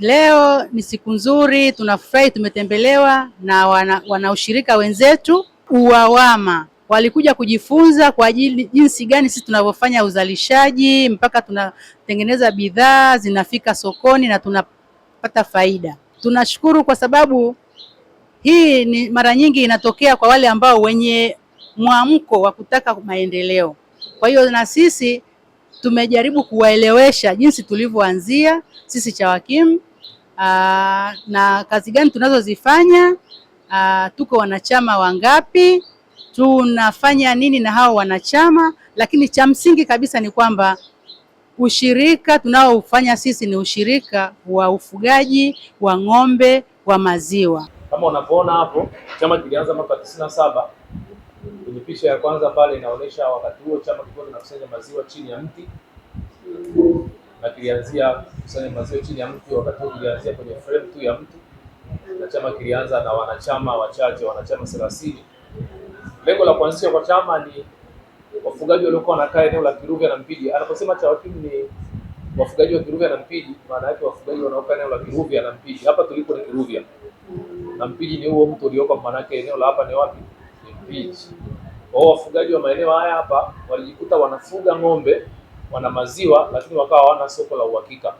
Leo ni siku nzuri, tunafurahi tumetembelewa na wana, wanaushirika wenzetu UWAWAMA walikuja kujifunza kwa ajili jinsi gani sisi tunavyofanya uzalishaji mpaka tunatengeneza bidhaa zinafika sokoni na tunapata faida. Tunashukuru kwa sababu hii ni mara nyingi inatokea kwa wale ambao wenye mwamko wa kutaka maendeleo. Kwa hiyo na sisi tumejaribu kuwaelewesha jinsi tulivyoanzia sisi CHAWAKIMU aa, ah, na kazi gani tunazozifanya, ah, tuko wanachama wangapi, tunafanya nini na hao wanachama. Lakini cha msingi kabisa ni kwamba ushirika tunaofanya sisi ni ushirika wa ufugaji wa ng'ombe wa maziwa. Kama unavyoona hapo, chama kilianza mwaka tisini na saba. Kwenye picha ya kwanza pale inaonyesha wakati huo chama kilikuwa kinakusanya maziwa chini ya mti kilianzia kusanya maziwa chini ya mtu, wakati huo kilianzia kwenye frame tu ya mtu, na chama kilianza na wanachama wachache, wanachama thelathini. Lengo la kuanzishwa kwa chama ni wafugaji waliokuwa wanakaa eneo la Kiruvya na Mpiji. Anaposema CHAWAKIRU ni wafugaji wa Kiruvya na Mpiji, maana yake wafugaji wanaokaa eneo la Kiruvya na Mpiji. Hapa tulipo ni Kiruvya na Mpiji ni huo mtu ulioko, maana yake eneo la hapa ni wapi? Ni Mpiji. Kwa hiyo wafugaji wa maeneo haya hapa walijikuta wanafuga ng'ombe wana maziwa lakini wakawa hawana soko la uhakika.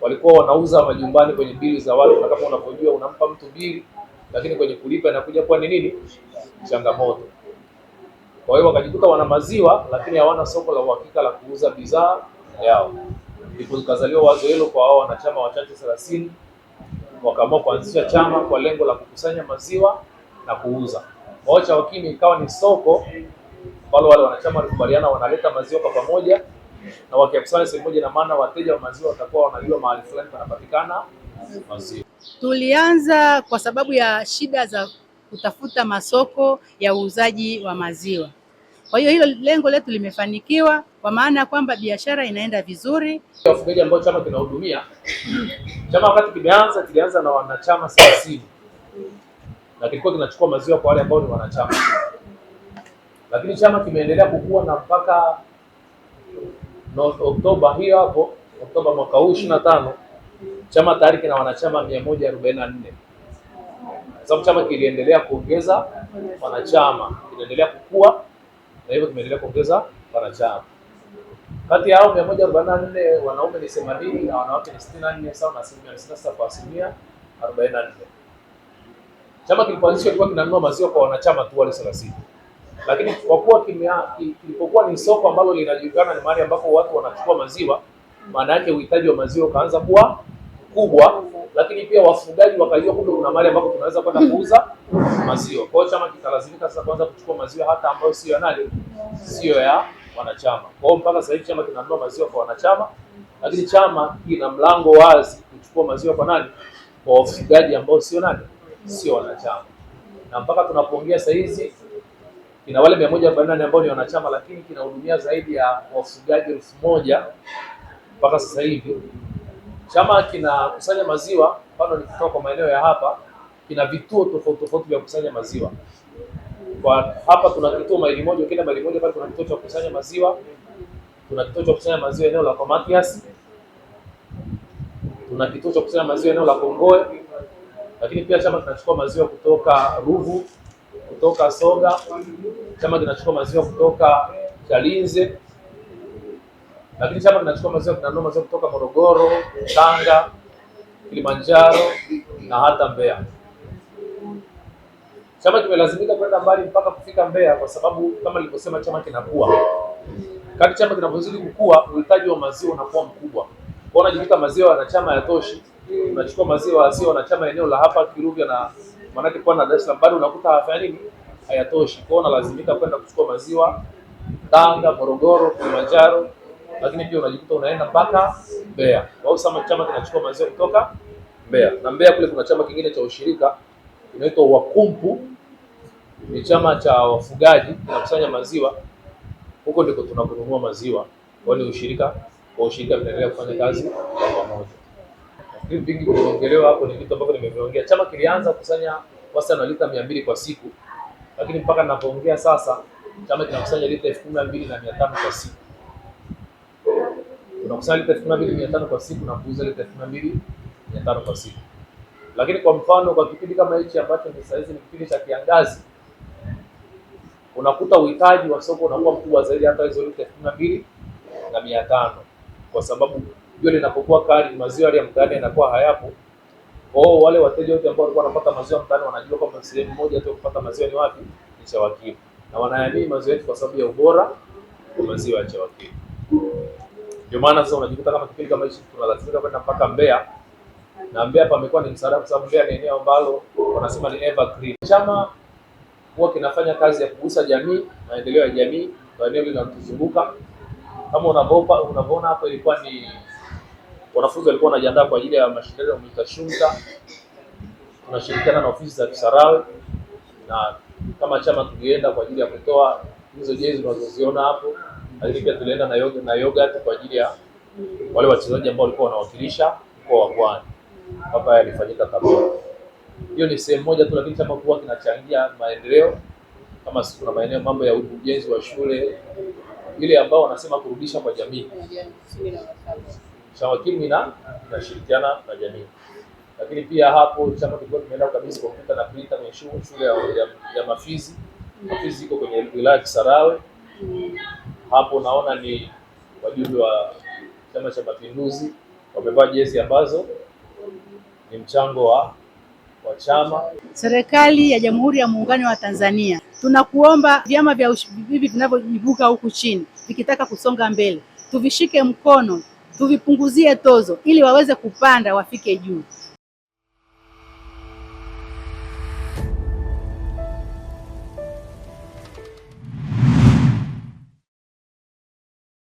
Walikuwa wanauza majumbani kwenye bili za watu, na kama unavyojua unampa mtu bili, lakini kwenye kulipa inakuja kuwa ni nini? Changamoto. Kwa hiyo wakajikuta wana maziwa lakini hawana soko la uhakika la kuuza bidhaa yao, ndipo likazaliwa wazo hilo kwa hao wanachama wachache thelathini, wakaamua kuanzisha chama kwa lengo la kukusanya maziwa na kuuza. Kwa wakini ikawa ni soko wale wale wanachama walikubaliana wanaleta maziwa kwa pamoja na wakiakusanya sehemu moja, na maana wateja wa maziwa watakuwa wanajua mahali fulani panapatikana maziwa. Tulianza kwa sababu ya shida za kutafuta masoko ya uuzaji wa maziwa. Kwa hiyo hilo lengo letu limefanikiwa kwa maana ya kwamba biashara inaenda vizuri. Wafugaji ambao chama kinahudumia, chama wakati kimeanza kilianza na wanachama 30 na kilikuwa kinachukua maziwa kwa wale ambao ni wanachama lakini chama kimeendelea kukua na mpaka eh, Oktoba hiyo hapo, Oktoba mwaka huu ishirini na tano chama tayari kina wanachama mia moja arobaini na nne sababu chama kiliendelea kuongeza wanachama, kinaendelea kukua na hivyo kimeendelea kuongeza wanachama. Kati ya hao mia moja arobaini na nne wanaume ni themanini na wanawake ni sitini na nne sawa na asilimia hamsini na sita kwa asilimia arobaini na nne. Chama kilipoanzishwa kilikuwa kinanunua maziwa kwa wanachama tu wale thelathini lakini kwa kuwa kilipokuwa ni soko ambalo linajulikana ni mahali ambapo watu wanachukua maziwa, maana yake uhitaji wa maziwa ukaanza kuwa kubwa, lakini pia wafugaji wakajua kumbe kuna mahali ambapo tunaweza kwenda kuuza maziwa. Kwa hiyo chama kitalazimika sasa kuanza kuchukua maziwa hata ambayo sio ya nani, sio ya wanachama. Kwa hiyo mpaka sasa hivi chama kinanunua maziwa kwa wanachama, lakini chama kina mlango wazi kuchukua maziwa kwa nani, kwa wafugaji ambao sio nani, sio wanachama. Na mpaka tunapoongea sasa hizi kina wale mia moja arobaini na nane ambao ni wanachama, lakini kinahudumia zaidi ya wafugaji elfu moja mpaka sasa hivi. Chama kinakusanya maziwa, mfano nikitoka kwa maeneo ya hapa, kina vituo tofauti tofauti vya kukusanya maziwa. Kwa hapa tuna kituo maili moja, ukienda maili moja pale kuna kituo cha kukusanya maziwa, tuna kituo cha kukusanya maziwa eneo la Komatias, tuna kituo cha kukusanya maziwa eneo la Kongoe, lakini pia chama kinachukua maziwa kutoka Ruvu kutoka Soga, chama kinachukua maziwa kutoka Chalinze, lakini chama kinachukua maziwa kinanunua maziwa kutoka Morogoro, Tanga, Kilimanjaro na hata Mbeya. Chama kimelazimika kwenda mbali mpaka kufika Mbeya kwa sababu kama nilivyosema, chama kinakuwa kati, chama kinapozidi kukua, uhitaji wa maziwa unakuwa mkubwa, kwa unajikuta maziwa na chama yatoshi unachukua maziwa asio wanachama eneo la hapa Kiluvya na maanake kwa na Dar es Salaam bado unakuta hafanya nini, hayatoshi kwao, unalazimika kwenda kuchukua maziwa Tanga, Morogoro, Kilimanjaro, lakini pia unajikuta unaenda mpaka Mbeya. Kwa hiyo sama chama kinachukua maziwa kutoka Mbeya na Mbeya kule kuna chama kingine cha ushirika inaitwa Wakumpu, ni chama cha wafugaji kinakusanya maziwa, huko ndiko tunakununua maziwa. Kwa hiyo ushirika kwa ushirika vinaendelea kufanya kazi kwa pamoja. Hivi vingi vimeongelewa hapo ni vitu ambavyo nimeviongea. Chama kilianza kukusanya wastani wa lita mia mbili kwa siku, lakini mpaka ninapoongea sasa chama kinakusanya lita elfu kumi na mbili na mia tano kwa siku. Tunakusanya lita elfu kumi na mbili mia tano kwa siku na kuuza lita elfu kumi na mbili mia tano kwa siku. Lakini kwa mfano kwa kipindi kama hichi ambacho ni sasa hizi ni kipindi cha kiangazi, unakuta uhitaji wa soko unakuwa mkubwa zaidi hata hizo lita elfu kumi na mbili na mia tano kwa sababu jua linapokuwa kali, maziwa yale ya mtaani yanakuwa hayapo. Kwa hiyo wale wateja wote ambao walikuwa wanapata maziwa mtaani wanajua kwamba sehemu moja tu kupata maziwa ni wapi, ni Chawakiru, na wanaamini maziwa yetu kwa sababu ya ubora wa maziwa ya Chawakiru. Ndio maana sasa unajikuta kama kipindi kama hichi tunalazimika kwenda mpaka Mbeya, na Mbeya pamekuwa ni msaada, kwa sababu Mbeya ni eneo ambalo wanasema ni evergreen. Chama huwa kinafanya kazi ya kugusa jamii, maendeleo ya jamii kwa eneo linalotuzunguka. Kama unavyoona hapo, ilikuwa ni wanafunzi walikuwa wanajiandaa kwa ajili ya mashindano ya UMITA-SHUMTA. Tunashirikiana na ofisi za Kisarawe na kama chama tulienda kwa ajili ya kutoa hizo jezi unazoziona hapo, lakini pia tulienda na yoga, na yogurt kwa ajili ya wale wachezaji ambao walikuwa wanawakilisha mkoa wa Pwani. Hapa yalifanyika kabisa. Hiyo ni sehemu moja tu, lakini chama kubwa kinachangia maendeleo kama siku na maeneo, mambo ya ujenzi wa shule ile ambao wanasema kurudisha kwa jamii chama kimwi na inashirikiana na jamii. Lakini pia hapo chama kilikuwa tumeenda kabisa kompyuta na printa kwenye shule ya, ya, ya Mafizi. Mafizi iko kwenye wilaya Kisarawe. Hapo naona ni wajumbe wa Chama cha Mapinduzi wamevaa jezi ambazo ni mchango wa wa chama. Serikali ya Jamhuri ya Muungano wa Tanzania, tunakuomba vyama vya hivi vinavyojivuka huku chini vikitaka kusonga mbele, tuvishike mkono tuvipunguzie tozo ili waweze kupanda wafike juu.